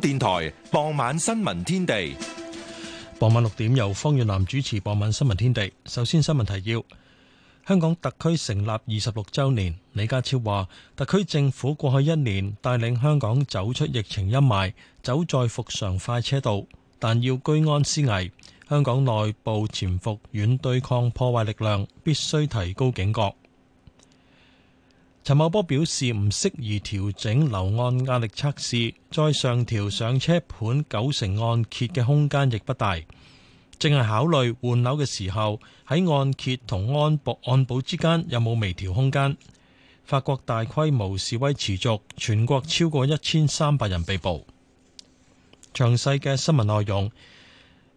電台傍晚新聞天地，傍晚六點由方遠南主持。傍晚新聞天，天地，首先新聞提要：香港特區成立二十六周年，李家超話，特區政府過去一年帶領香港走出疫情陰霾，走在復常快車道，但要居安思危，香港內部潛伏軟對抗破壞力量，必須提高警覺。陳茂波表示，唔適宜調整樓按壓力測試，再上調上車盤九成按揭嘅空間亦不大。淨係考慮換樓嘅時候，喺按揭同按保之間有冇微調空間。法國大規模示威持續，全國超過一千三百人被捕。詳細嘅新聞內容，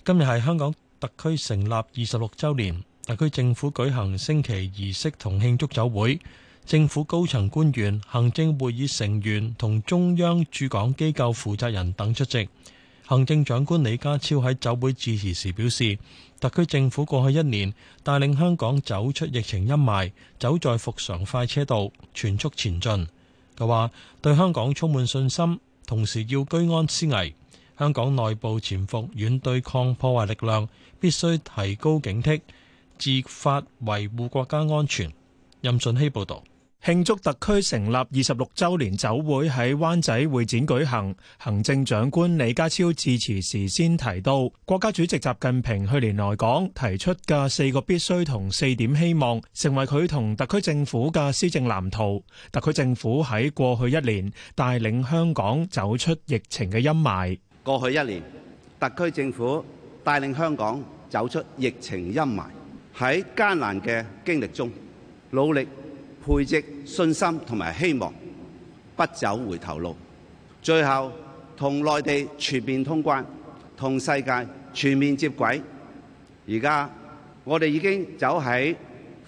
今日係香港特區成立二十六週年，特區政府舉行升旗儀式同慶祝酒會。政府高層官員、行政會議成員同中央駐港機構負責人等出席。行政長官李家超喺酒會致辭時表示，特區政府過去一年帶領香港走出疫情陰霾，走在復常快車道，全速前進。佢話對香港充滿信心，同時要居安思危。香港內部潛伏遠對抗破壞力量，必須提高警惕，自發維護國家安全。任進熙報道。慶祝特區成立二十六周年酒會喺灣仔會展舉行。行政長官李家超致辭時先提到，國家主席習近平去年來港提出嘅四個必須同四點希望，成為佢同特區政府嘅施政藍圖。特區政府喺過去一年帶領香港走出疫情嘅陰霾。過去一年，特區政府帶領香港走出疫情陰霾，喺艱難嘅經歷中努力。培植信心同埋希望，不走回頭路。最後同內地全面通關，同世界全面接軌。而家我哋已經走喺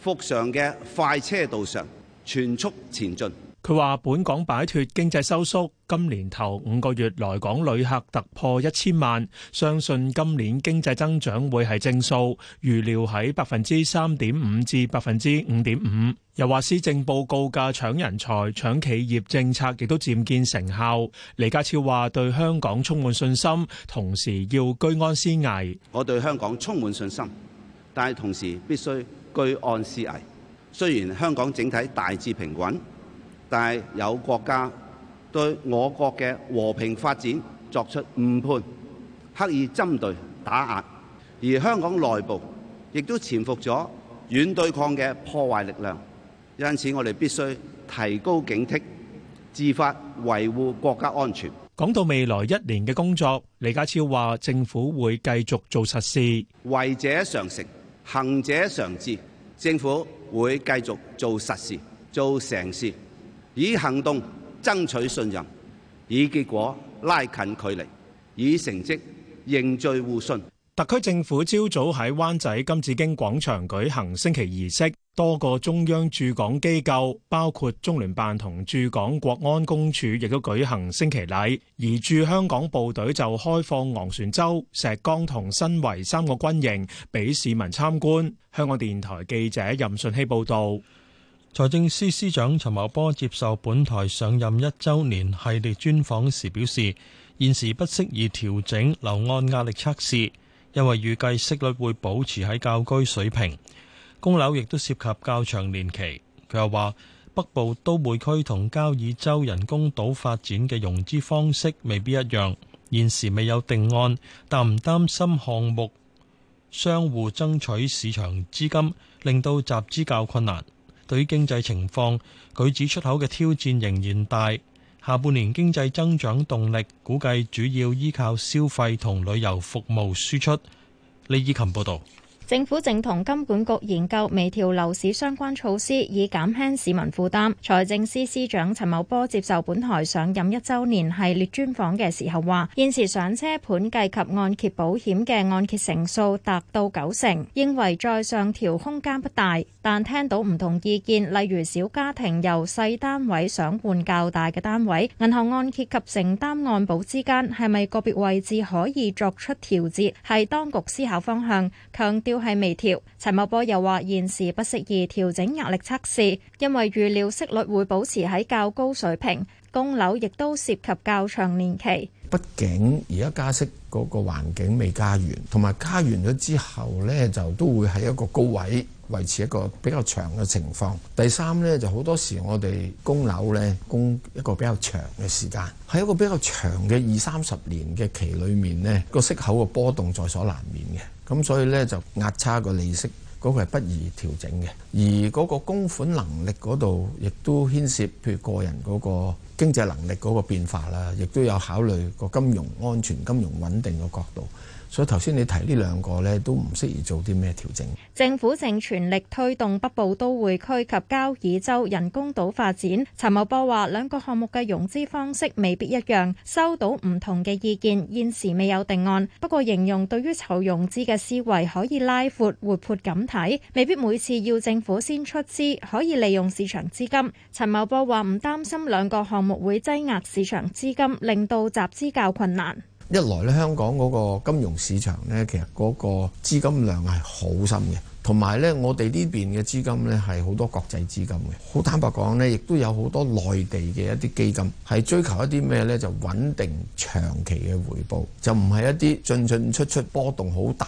復常嘅快車道上，全速前進。佢話：本港擺脫經濟收縮，今年頭五個月來港旅客突破一千萬，相信今年經濟增長會係正數，預料喺百分之三點五至百分之五點五。又話施政報告嘅搶人才、搶企業政策亦都漸見成效。李家超話：對香港充滿信心，同時要居安思危。我對香港充滿信心，但係同時必須居安思危。雖然香港整體大致平穩，但係有國家對我國嘅和平發展作出誤判，刻意針對打壓，而香港內部亦都潛伏咗軟對抗嘅破壞力量。因此，我哋必須提高警惕，自發維護國家安全。講到未來一年嘅工作，李家超話：政府會繼續做實事，為者常成，行者常至。政府會繼續做實事，做成事。以行動爭取信任，以結果拉近距離，以成績凝聚互信。特區政府朝早喺灣仔金紫荊廣場舉行升旗儀式，多個中央駐港機構，包括中聯辦同駐港國安公署，亦都舉行升旗禮。而駐香港部隊就開放昂船洲、石崗同新圍三個軍營俾市民參觀。香港電台記者任順希報導。財政司司長陳茂波接受本台上任一周年系列專訪時表示，現時不適宜調整樓按壓力測試，因為預計息率會保持喺較高水平。供樓亦都涉及較長年期。佢又話，北部都會區同交椅洲人工島發展嘅融資方式未必一樣。現時未有定案，但唔擔心項目相互爭取市場資金，令到集資較困難。對經濟情況，佢指出口嘅挑戰仍然大，下半年經濟增長動力估計主要依靠消費同旅遊服務輸出。李以琴報導。政府正同金管局研究微調樓市相關措施，以減輕市民負擔。財政司司長陳茂波接受本台上任一周年系列專訪嘅時候話，現時上車盤計及按揭保險嘅按揭成數達到九成，認為再上調空間不大，但聽到唔同意見，例如小家庭由細單位想換較大嘅單位，銀行按揭及承擔按保之間，係咪個別位置可以作出調節，係當局思考方向。強調。係微調。陳茂波又話：現時不適宜調整壓力測試，因為預料息率會保持喺較高水平。供樓亦都涉及較長年期。畢竟而家加息嗰個環境未加完，同埋加完咗之後呢，就都會喺一個高位維持一個比較長嘅情況。第三呢，就好多時我哋供樓呢，供一個比較長嘅時間，喺一個比較長嘅二三十年嘅期裏面呢，個息口嘅波動在所難免嘅。咁所以咧就壓差個利息嗰個係不宜調整嘅，而嗰個供款能力嗰度亦都牽涉譬如個人嗰個經濟能力嗰個變化啦，亦都有考慮個金融安全、金融穩定嘅角度。所以頭先你提呢兩個咧，都唔適宜做啲咩調整。政府正全力推動北部都會區及交椅洲人工島發展。陳茂波話：兩個項目嘅融資方式未必一樣，收到唔同嘅意見，現時未有定案。不過形容對於籌融資嘅思維可以拉闊活潑咁睇，未必每次要政府先出資，可以利用市場資金。陳茂波話：唔擔心兩個項目會擠壓市場資金，令到集資較困難。一來咧，香港嗰個金融市場呢，其實嗰個資金量係好深嘅，同埋呢，我哋呢邊嘅資金呢，係好多國際資金嘅。好坦白講呢，亦都有好多內地嘅一啲基金係追求一啲咩呢？就穩定長期嘅回報，就唔係一啲進進出出波動好大、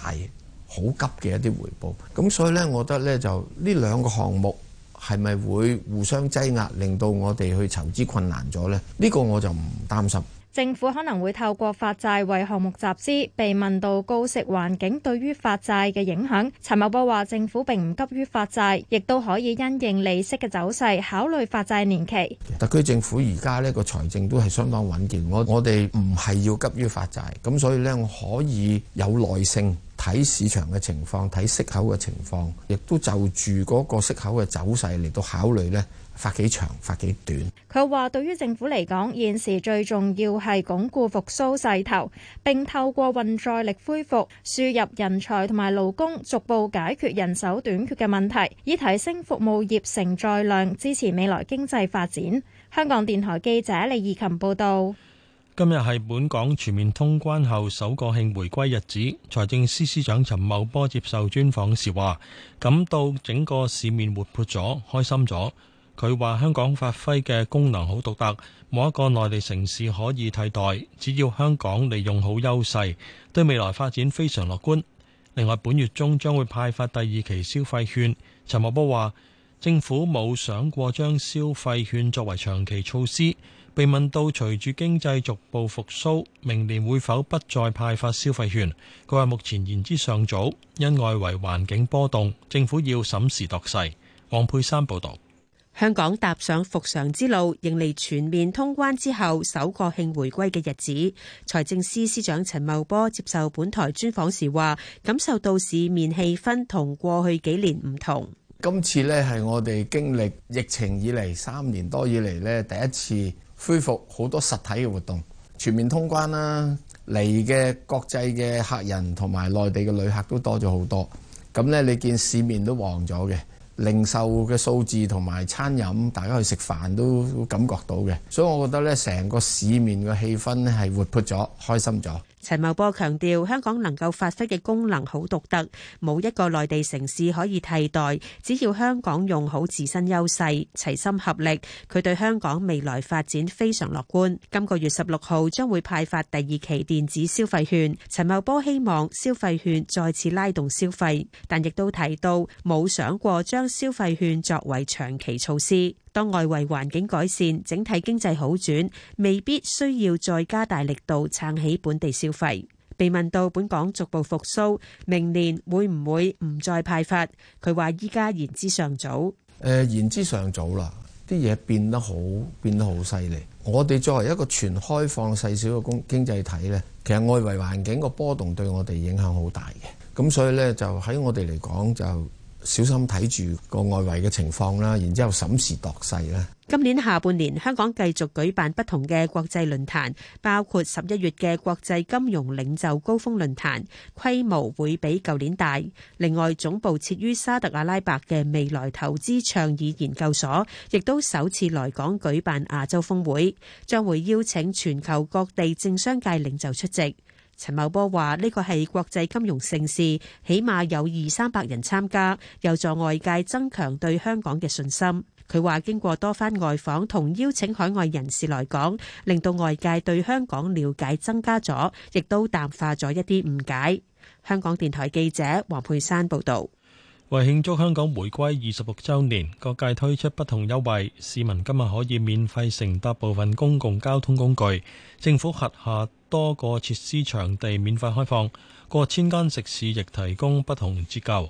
好急嘅一啲回報。咁所以呢，我覺得呢，就呢兩個項目係咪會互相擠壓，令到我哋去籌資困難咗呢？呢、呢個我就唔擔心。政府可能會透過發債為項目集資，被問到高息環境對於發債嘅影響，陳茂波話：政府並唔急於發債，亦都可以因應利息嘅走勢考慮發債年期。特區政府而家呢個財政都係相當穩健，我我哋唔係要急於發債，咁所以呢，我可以有耐性。睇市場嘅情況，睇息口嘅情況，亦都就住嗰個息口嘅走勢嚟到考慮呢，發幾長，發幾短。佢話：對於政府嚟講，現時最重要係鞏固復甦勢頭，並透過運載力恢復輸入人才同埋勞工，逐步解決人手短缺嘅問題，以提升服務業承載量，支持未來經濟發展。香港電台記者李義琴報道。今日係本港全面通關後首個慶回歸日子，財政司司長陳茂波接受專訪時話：感到整個市面活潑咗，開心咗。佢話香港發揮嘅功能好獨特，冇一個內地城市可以替代。只要香港利用好優勢，對未來發展非常樂觀。另外，本月中將會派發第二期消費券。陳茂波話：政府冇想過將消費券作為長期措施。被問到隨住經濟逐步復甦，明年會否不再派發消費券？佢話：目前言之尚早，因外圍環境波動，政府要審時度勢。黃佩珊報導，香港踏上復常之路，迎嚟全面通關之後首個慶回歸嘅日子。財政司司長陳茂波接受本台專訪時話：感受到市面氣氛同過去幾年唔同。今次呢係我哋經歷疫情以嚟三年多以嚟呢第一次。恢復好多實體嘅活動，全面通關啦，啊，嚟嘅國際嘅客人同埋內地嘅旅客都多咗好多，咁呢，你見市面都旺咗嘅，零售嘅數字同埋餐飲，大家去食飯都感覺到嘅，所以我覺得呢，成個市面嘅氣氛咧係活潑咗，開心咗。陳茂波強調，香港能夠發揮嘅功能好獨特，冇一個內地城市可以替代。只要香港用好自身優勢，齊心合力，佢對香港未來發展非常樂觀。今個月十六號將會派發第二期電子消費券，陳茂波希望消費券再次拉動消費，但亦都提到冇想過將消費券作為長期措施。當外圍環境改善，整體經濟好轉，未必需要再加大力度撐起本地消費。被問到本港逐步復甦，明年會唔會唔再派發？佢話：依家言之尚早。誒、呃，言之尚早啦，啲嘢變得好，變得好犀利。我哋作為一個全開放細小嘅工經濟體咧，其實外圍環境個波動對我哋影響好大嘅。咁所以呢，就喺我哋嚟講就。小心睇住個外圍嘅情況啦，然之後審時度勢啦。今年下半年香港繼續舉辦不同嘅國際論壇，包括十一月嘅國際金融領袖高峰論壇，規模會比舊年大。另外，總部設於沙特阿拉伯嘅未來投資倡議研究所，亦都首次來港舉辦亞洲峰會，將會邀請全球各地政商界領袖出席。陳茂波話：呢個係國際金融盛事，起碼有二三百人參加，有助外界增強對香港嘅信心。佢話經過多番外訪同邀請海外人士來港，令到外界對香港了解增加咗，亦都淡化咗一啲誤解。香港電台記者黃佩珊報道。為慶祝香港回歸二十六週年，各界推出不同優惠，市民今日可以免費乘搭部分公共交通工具。政府轄下多個設施場地免費開放，過千間食肆亦提供不同折舊。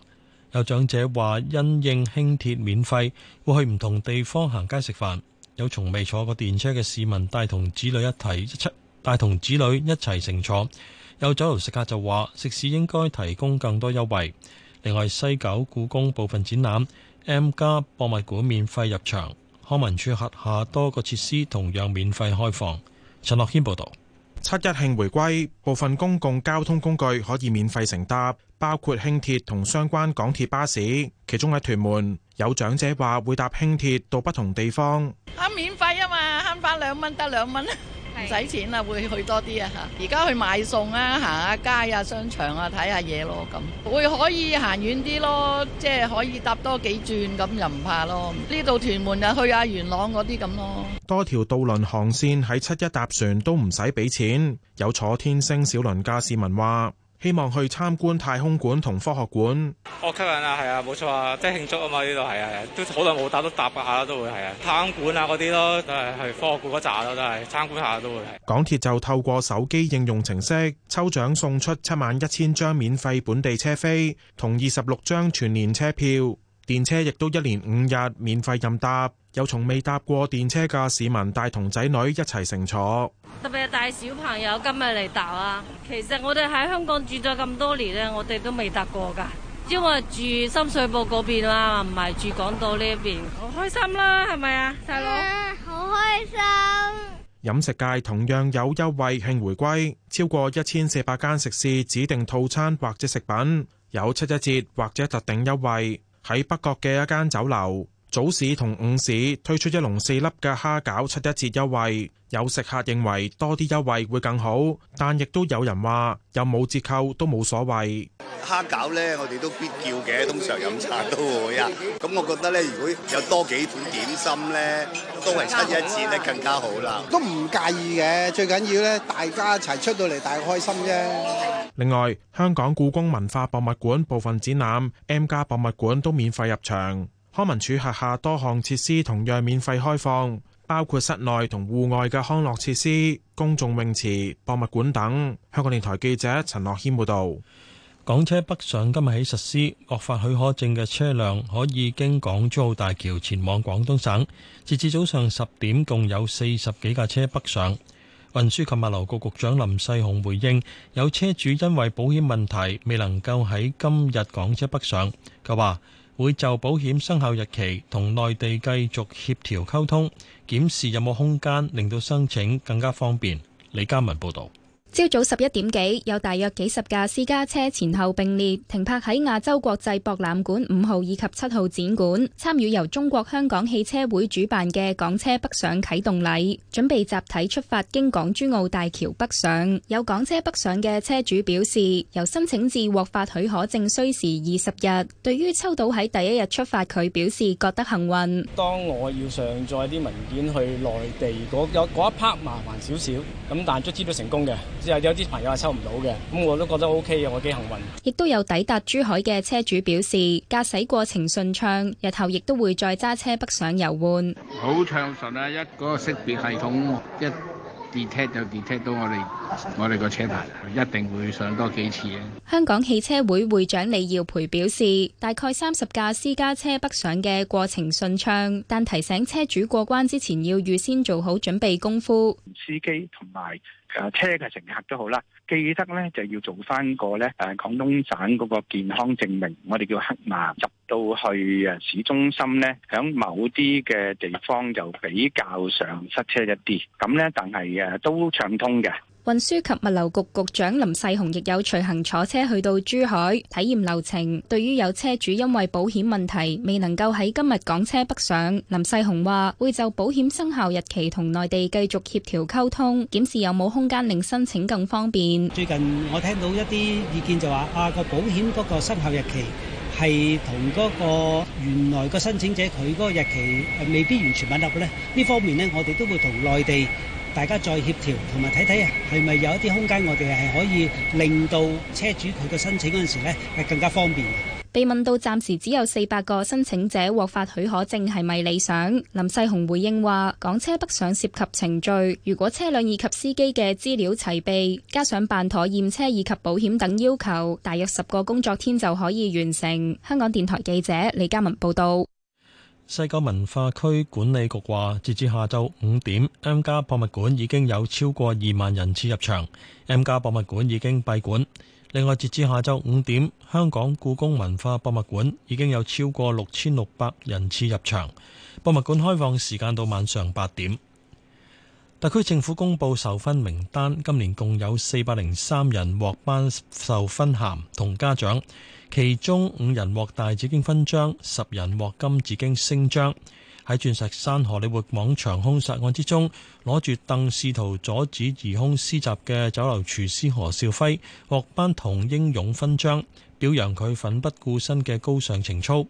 有長者話，因應輕鐵免費，會去唔同地方行街食飯。有從未坐過電車嘅市民帶同子女一齊，帶同子女一齊乘坐。有酒樓食客就話，食肆應該提供更多優惠。另外，西九故宮部分展覽 M、M 加博物館免費入場，康文署下多個設施同樣免費開放。陳樂軒報導。七一慶回歸，部分公共交通工具可以免費乘搭，包括輕鐵同相關港鐵巴士。其中喺屯門，有長者話會搭輕鐵到不同地方。啊，免費啊嘛，慳翻兩蚊得兩蚊。唔使錢呀，會去多啲啊！而家去買餸啊，行下街啊，商場啊，睇下嘢咯，咁會可以行遠啲咯，即係可以搭多幾轉，咁又唔怕咯。呢度屯門又去下、啊、元朗嗰啲咁咯。多條渡輪航線喺七一搭船都唔使俾錢，有坐天星小輪嘅市民話。希望去參觀太空館同科學館，好吸引啊！係啊，冇錯啊，即係慶祝啊嘛，呢度係啊，都好耐冇搭到搭下啦，都會係啊，太空館啊嗰啲咯，係科學館嗰扎咯，都係參觀下都會。港鐵就透過手機應用程式抽獎送出七萬一千張免費本地車飛同二十六張全年車票，電車亦都一連五日免費任搭。有從未搭過電車嘅市民帶同仔女一齊乘坐，特別係帶小朋友今日嚟搭啊！其實我哋喺香港住咗咁多年咧，我哋都未搭過噶，因為住深水埗嗰邊啦，唔係住港島呢一邊。好開心啦，係咪啊，大佬？好、嗯、開心！飲食界同樣有優惠慶回歸，超過一千四百間食肆指定套餐或者食品有七一折或者特定優惠。喺北角嘅一間酒樓。早市同午市推出一籠四粒嘅蝦餃七一折優惠，有食客認為多啲優惠會更好，但亦都有人話有冇折扣都冇所謂。蝦餃呢，我哋都必叫嘅，通常飲茶都會啊。咁我覺得呢，如果有多幾款點心呢，都係七一折呢更加好啦。都唔介意嘅，最緊要呢，大家一齊出到嚟，大家開心啫。另外，香港故宮文化博物館部分展覽，M 家博物館都免費入場。康文署轄下,下多項設施同樣免費開放，包括室內同戶外嘅康樂設施、公眾泳池、博物館等。香港電台記者陳樂謙報道。港車北上今日起實施，獲發許可證嘅車輛可以經港珠澳大橋前往廣東省。截至早上十點，共有四十幾架車北上。運輸及物流局,局局長林世雄回應，有車主因為保險問題未能夠喺今日港車北上。佢話。會就保險生效日期同內地繼續協調溝通，檢視有冇空間令到申請更加方便。李嘉文報導。朝早十一點幾，有大約幾十架私家車前後並列停泊喺亞洲國際博覽館五號以及七號展館，參與由中國香港汽車會主辦嘅港車北上啟動禮，準備集體出發經港珠澳大橋北上。有港車北上嘅車主表示，由申請至獲發許可證需時二十日，對於抽到喺第一日出發，佢表示覺得幸運。當我要上載啲文件去內地嗰，有一 part 麻煩少少，咁但卒之都成功嘅。有有啲朋友係抽唔到嘅，咁我都覺得 O K 嘅，我幾幸運。亦都有抵達珠海嘅車主表示，駕駛過程順暢，日後亦都會再揸車北上遊玩。好暢順啊！一嗰個識別系統一 detect 就 d e 跌踢到我哋我哋個車牌，一定會上多幾次嘅、啊。香港汽車會會長李耀培表示，大概三十架私家車北上嘅過程順暢，但提醒車主過關之前要預先做好準備功夫。司機同埋。誒、啊，車嘅乘客都好啦，記得咧就要做翻個咧，誒、啊，廣東省嗰個健康證明，我哋叫黑碼，入到去誒、啊、市中心咧，響某啲嘅地方就比較常塞車一啲，咁咧，但係誒、啊、都暢通嘅。運輸及物流局局長林世雄亦有隨行坐車去到珠海體驗流程。對於有車主因為保險問題未能夠喺今日港車北上，林世雄話會就保險生效日期同內地繼續協調溝通，檢視有冇空間令申請更方便。最近我聽到一啲意見就話啊，個保險嗰個生效日期係同嗰個原來個申請者佢嗰個日期誒未必完全吻合咧，呢方面呢，我哋都會同內地。大家再協調，同埋睇睇係咪有一啲空間，我哋係可以令到車主佢嘅申請嗰陣時呢係更加方便。被問到暫時只有四百個申請者獲發許可證係咪理想，林世雄回應話：港車北上涉及程序，如果車輛以及司機嘅資料齊備，加上辦妥驗車以及保險等要求，大約十個工作天就可以完成。香港電台記者李嘉文報道。西九文化區管理局話，截至下晝五點，M+ 博物館已經有超過二萬人次入場。M+ 博物館已經閉館。另外，截至下晝五點，香港故宮文化博物館已經有超過六千六百人次入場。博物館開放時間到晚上八點。特區政府公布授勳名單，今年共有四百零三人獲頒授勳銜同嘉獎。其中五人獲大紫荊勳章，十人獲金紫荊星章。喺鑽石山荷里活廣場凶殺案之中，攞住凳試圖阻止疑凶施襲嘅酒樓廚師何少輝獲頒銅英勇勳章，表揚佢奮不顧身嘅高尚情操。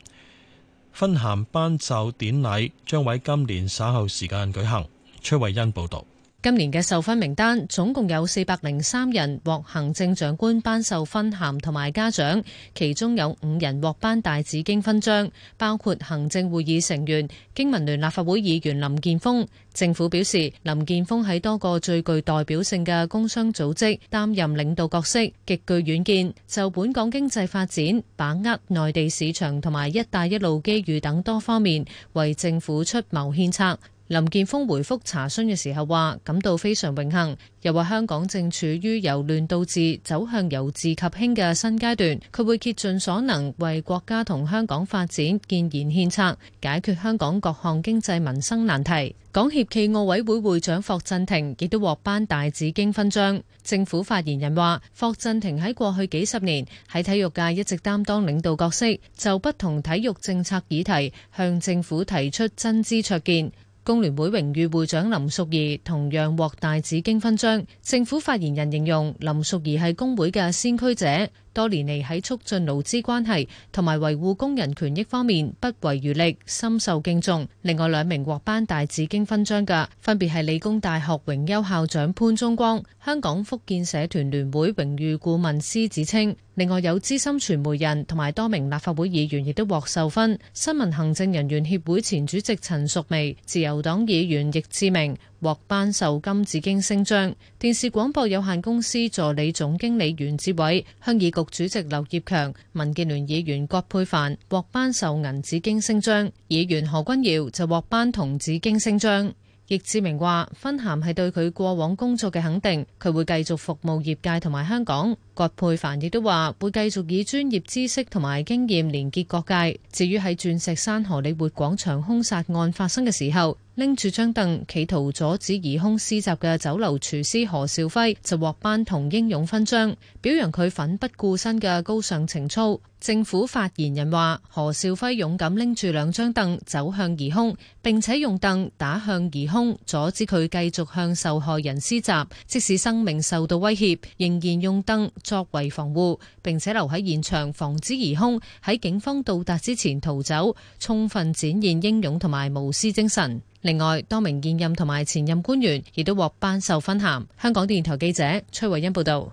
勳銜頒授典禮將喺今年稍後時間舉行。崔慧欣報道。今年嘅授勳名單總共有四百零三人獲行政長官頒授勳銜同埋嘉獎，其中有五人獲頒大紫荊勳章，包括行政會議成員、經民聯立法會議員林建峰。政府表示，林建峰喺多個最具代表性嘅工商組織擔任領導角色，極具遠見，就本港經濟發展、把握內地市場同埋一帶一路機遇等多方面為政府出謀獻策。林建峰回覆查詢嘅時候話：感到非常榮幸，又話香港正處於由亂到治走向由治及興嘅新階段，佢會竭盡所能為國家同香港發展建言獻策，解決香港各項經濟民生難題。港協暨奧委會，會會長霍振霆亦都獲頒大紫荊勳章。政府發言人話：霍振霆喺過去幾十年喺體育界一直擔當領導角色，就不同體育政策議題向政府提出真知灼見。工聯會榮譽會長林淑儀同樣獲大紫荊勳章。政府發言人形容林淑儀係工會嘅先驅者。多年嚟喺促進勞資關係同埋維護工人權益方面不遺餘力，深受敬重。另外兩名獲頒大紫荊勳章嘅分別係理工大學榮休校長潘宗光、香港福建社團聯會榮譽顧問施子清。另外有資深傳媒人同埋多名立法會議員亦都獲授勳，新聞行政人員協會前主席陳淑薇、自由黨議員易志明。獲頒授金紫荊星章，電視廣播有限公司助理總經理袁志偉、鄉議局主席劉業強、民建聯議員葛珮帆獲頒授銀紫荊星章，議員何君堯就獲頒銅紫荊星章。易志明話：勳銜係對佢過往工作嘅肯定，佢會繼續服務業界同埋香港。葛珮帆亦都話會繼續以專業知識同埋經驗連結各界。至於喺鑽石山荷里活廣場兇殺案發生嘅時候。拎住張凳，企圖阻止疑兇施襲嘅酒樓廚師何少輝就獲頒銅英勇勳章，表揚佢奮不顧身嘅高尚情操。政府發言人話：何少輝勇敢拎住兩張凳走向疑兇，並且用凳打向疑兇，阻止佢繼續向受害人施襲，即使生命受到威脅，仍然用凳作為防護，並且留喺現場防止疑兇喺警方到達之前逃走，充分展現英勇同埋無私精神。另外，多名現任同埋前任官員亦都獲頒授勳銜。香港電台記者崔慧欣報道，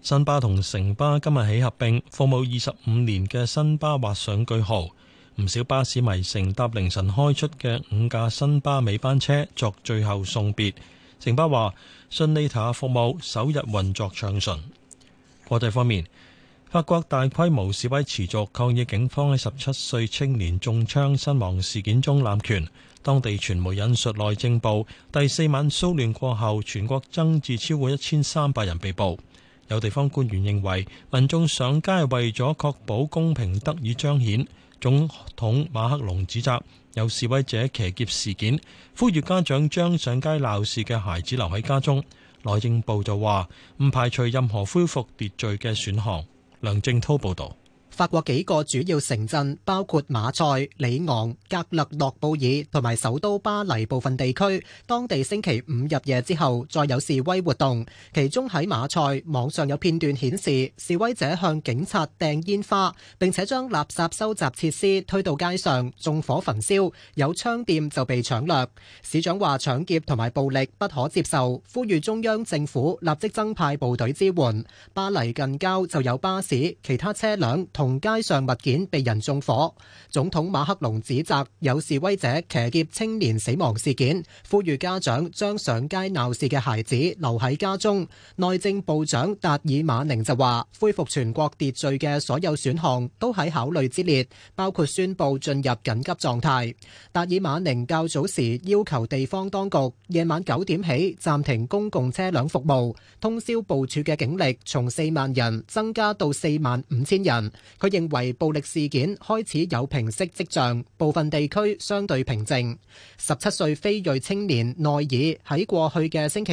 新巴同城巴今日起合併，服務二十五年嘅新巴畫上句號。唔少巴士迷乘搭凌晨開出嘅五架新巴尾班車作最後送別。城巴話：信利塔服務首日運作暢順。國際方面，法國大規模示威持續抗議警方喺十七歲青年中槍身亡事件中濫權。當地傳媒引述內政部第四晚騷亂過後，全國增至超過一千三百人被捕。有地方官員認為，民眾上街為咗確保公平得以彰顯。總統馬克龍指責有示威者騎劫事件，呼籲家長將上街鬧事嘅孩子留喺家中。內政部就話唔排除任何恢復秩序嘅選項。梁正滔報導。法國幾個主要城鎮，包括馬賽、里昂、格勒諾布爾同埋首都巴黎部分地區，當地星期五入夜之後再有示威活動。其中喺馬賽，網上有片段顯示示威者向警察掟煙花，並且將垃圾收集設施推到街上，縱火焚燒，有槍店就被搶掠。市長話搶劫同埋暴力不可接受，呼籲中央政府立即增派部隊支援。巴黎近郊就有巴士、其他車輛同，同街上物件被人縱火，總統馬克龍指責有示威者騎劫青年死亡事件，呼籲家長將上街鬧事嘅孩子留喺家中。內政部長達爾馬寧就話，恢復全國秩序嘅所有選項都喺考慮之列，包括宣布進入緊急狀態。達爾馬寧較早時要求地方當局夜晚九點起暫停公共車輛服務，通宵部署嘅警力從四萬人增加到四萬五千人。佢認為暴力事件開始有平息跡象，部分地區相對平靜。十七歲非裔青年奈爾喺過去嘅星期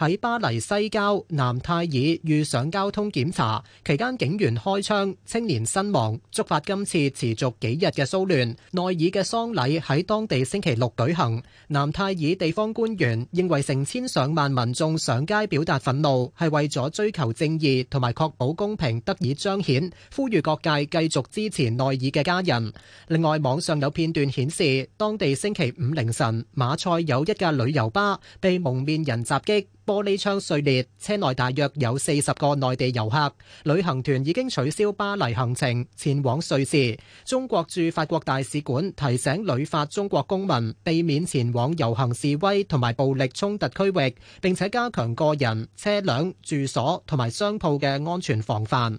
二喺巴黎西郊南泰爾遇上交通檢查，期間警員開槍，青年身亡，觸發今次持續幾日嘅騷亂。奈爾嘅喪禮喺當地星期六舉行。南泰爾地方官員認為成千上萬民眾上街表達憤怒係為咗追求正義同埋確保公平得以彰顯，呼籲各界繼續支持內爾嘅家人。另外，網上有片段顯示，當地星期五凌晨，馬賽有一架旅遊巴被蒙面人襲擊，玻璃窗碎裂，車內大約有四十個內地遊客。旅行團已經取消巴黎行程，前往瑞士。中國駐法國大使館提醒旅法中國公民避免前往遊行示威同埋暴力衝突區域，並且加強個人、車輛、住所同埋商鋪嘅安全防範。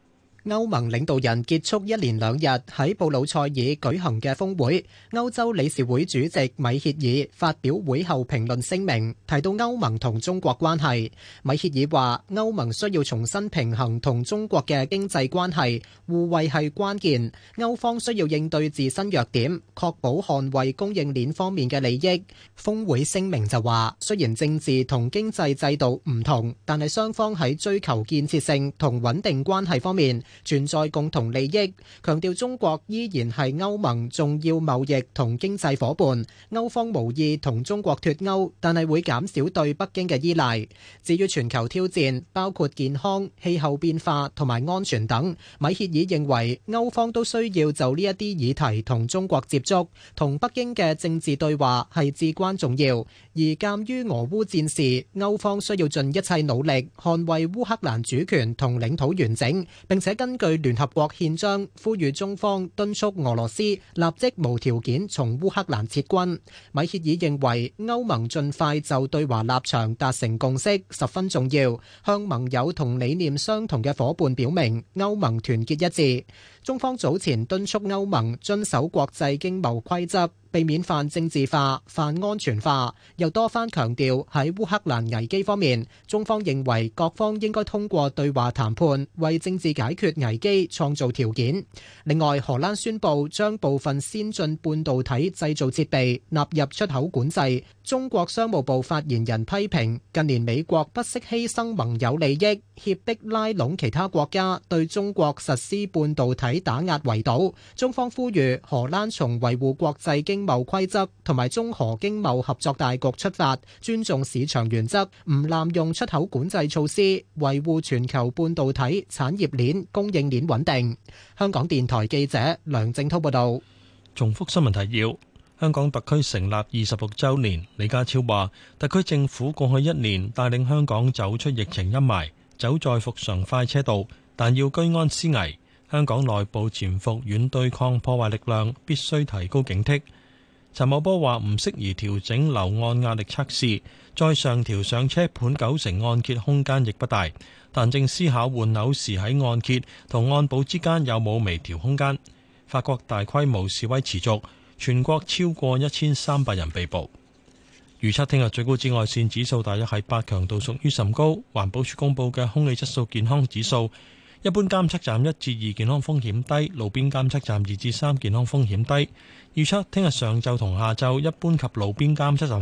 歐盟領導人結束一連兩日喺布魯塞爾舉行嘅峰會，歐洲理事會主席米歇爾發表會後評論聲明，提到歐盟同中國關係。米歇爾話：歐盟需要重新平衡同中國嘅經濟關係，互惠係關鍵。歐方需要應對自身弱點，確保捍衛供供應鏈方面嘅利益。峰會聲明就話：雖然政治同經濟制度唔同，但係雙方喺追求建設性同穩定關係方面存在共同利益，強調中國依然係歐盟重要貿易同經濟伙伴。歐方無意同中國脱歐，但係會減少對北京嘅依賴。至於全球挑戰，包括健康、氣候變化同埋安全等，米歇爾認為歐方都需要就呢一啲議題同中國接觸，同北京嘅政治對話係至關重要。而鑑於俄烏戰事，歐方需要盡一切努力捍衛烏克蘭主權同領土完整，並且，根據聯合國憲章，呼籲中方敦促俄羅斯立即無條件從烏克蘭撤軍。米歇爾認為，歐盟盡快就對華立場達成共識十分重要，向盟友同理念相同嘅夥伴表明，歐盟團結一致。中方早前敦促歐盟遵守國際經貿規則。避免泛政治化、泛安全化，又多番強調喺烏克蘭危機方面，中方認為各方應該通過對話談判，為政治解決危機創造條件。另外，荷蘭宣佈將部分先進半導體製造設備納入出口管制。中國商務部發言人批評近年美國不惜犧牲盟友利益，脅迫拉攏其他國家對中國實施半導體打壓圍堵。中方呼籲荷蘭從維護國際經。貿規則同埋中荷經貿合作大局出發，尊重市場原則，唔濫用出口管制措施，維護全球半導體產業鏈供應鏈穩定。香港電台記者梁正濤報道。重複新聞提要：香港特區成立二十六周年，李家超話，特區政府過去一年帶領香港走出疫情陰霾，走在復常快車道，但要居安思危，香港內部潛伏軟對抗破壞力量，必須提高警惕。陳茂波話唔適宜調整樓按壓力測試，再上調上車盤九成按揭空間亦不大，但正思考換樓時喺按揭同按保之間有冇微調空間。法國大規模示威持續，全國超過一千三百人被捕。預測聽日最高紫外線指數大約係八，強度屬於甚高。環保署公布嘅空氣質素健康指數，一般監測站一至二健康風險低，路邊監測站二至三健康風險低。預測聽日上晝同下晝一般及路邊監測站。